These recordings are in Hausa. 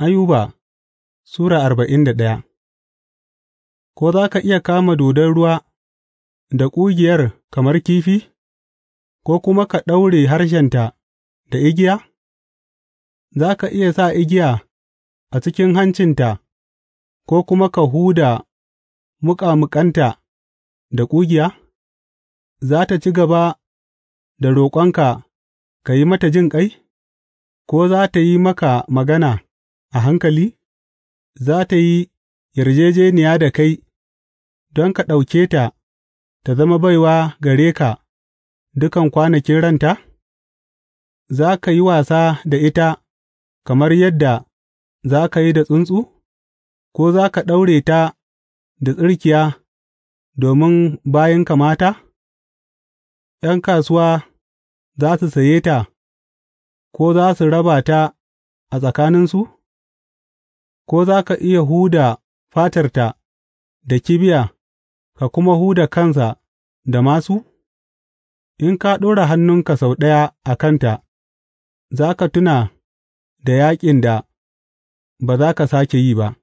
Ayuba Sura arba'in da ɗaya Ko za ka iya kama dodon ruwa da ƙugiyar kamar kifi, ko kuma ka ɗaure harshenta da igiya? Za ka iya sa igiya a cikin hancinta, ko kuma ka huda muƙamuƙanta da ƙugiya? Za ta ci gaba da roƙonka ka yi mata jin ƙai? ko za ta yi maka magana? a hankali? Za tă yi yarjejeniya da kai don ka ɗauke ta ta zama baiwa gare ka dukan kwanakin ranta? Za ka yi wasa da ita kamar yadda za ka yi da tsuntsu, ko za ka ɗaure ta da tsirkiya domin bayan kamata? ’Yan kasuwa za su saye ta ko za su raba ta a tsakaninsu? ko za ka iya huda fatarta da kibiya ka kuma huda kansa da masu? In ka ɗora hannunka sau ɗaya a kanta, za ka tuna da yaƙin da ba za ka sake yi ba,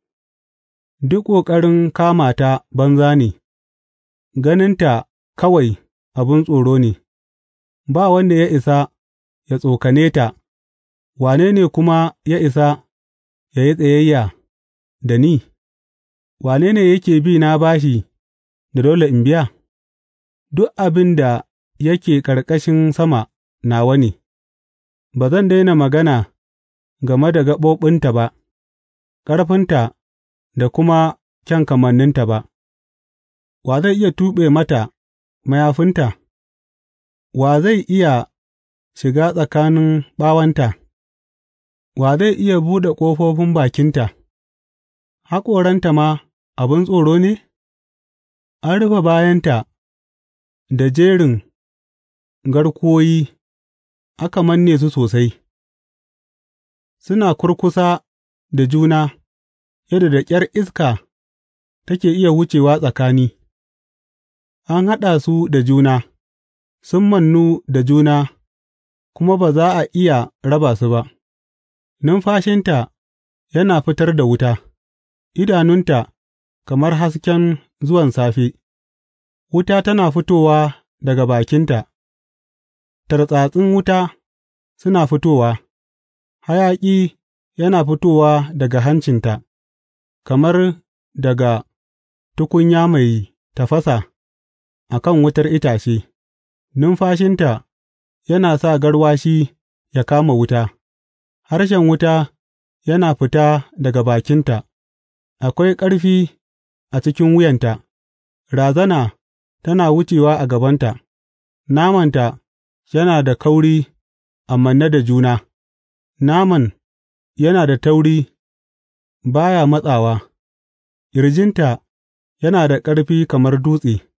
duk ƙoƙarin kama ta banza ne, ganinta kawai abin tsoro ne, ba wanda ya isa ya tsokane ta, wane ne kuma ya isa ya yi tsayayya? da ni, wane ne yake bi na bashi da dole in biya? Duk abin da yake ƙarƙashin sama na wani. ba zan daina magana game da gaɓoɓinta ba, ƙarfinta da kuma kyan kamanninta ba, wa zai iya tuɓe mata mayafinta, wa zai iya shiga tsakanin ɓawanta? wa zai iya buɗe ƙofofin bakinta? haƙoranta ma abin tsoro ne? An rufe bayanta da jerin garkuwoyi aka manne su sosai, suna kurkusa da juna yadda da ƙyar iska take iya wucewa tsakani, an haɗa su da juna, sun mannu da juna kuma ba za a iya raba su ba, numfashinta yana fitar da wuta. idanunta kamar hasken zuwan safe, wuta tana fitowa daga bakinta, tartsatsin wuta suna fitowa, hayaƙi yana fitowa daga hancinta, kamar daga tukunya mai tafasa a kan wutar itace, numfashinta yana sa garwashi ya kama wuta, harshen wuta yana fita daga bakinta. Akwai ƙarfi a cikin wuyanta; razana tana wucewa a gabanta, namanta yana da kauri a manne da juna, naman yana da tauri baya matsawa, ƙirjinta yana da ƙarfi kamar dutse,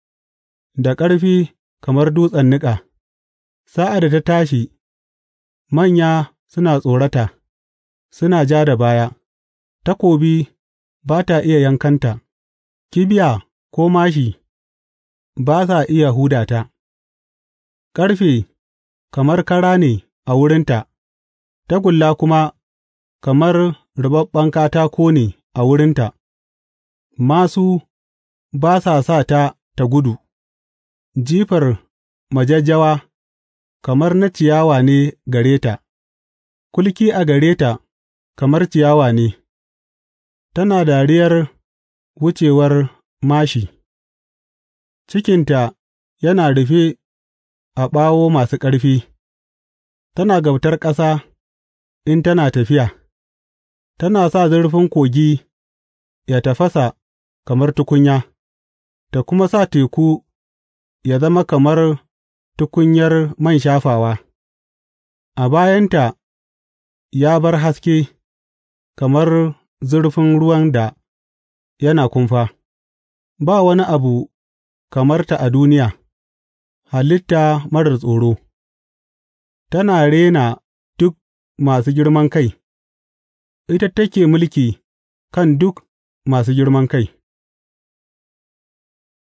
da ƙarfi kamar dutsen niƙa; sa'ad da ta tashi, manya suna tsorata, suna ja da baya, takobi. ba ta iya yankanta, kibiya ko mashi ba sa iya huda ta, ƙarfe kamar kara ne a wurinta, tagulla kuma kamar rubabben katako ne a wurinta, masu ba sa sa ta ta gudu, jifar majajjawa kamar na ciyawa ne gare ta, kulki a gare ta kamar ciyawa ne. tana dariyar wucewar māshi, cikinta yana rufe a ɓawo masu ƙarfi; tana gautar ƙasa in tana tafiya, tana sa zurfin kogi ya tafasa kamar tukunya, ta kuma sa teku ya zama kamar tukunyar man shafawa; a bayanta ya bar haske kamar zurfin ruwan da yana kumfa, ba wani abu kamar ta a duniya, halitta marar tsoro, tana rena duk masu girman kai, ita take mulki kan duk masu girman kai.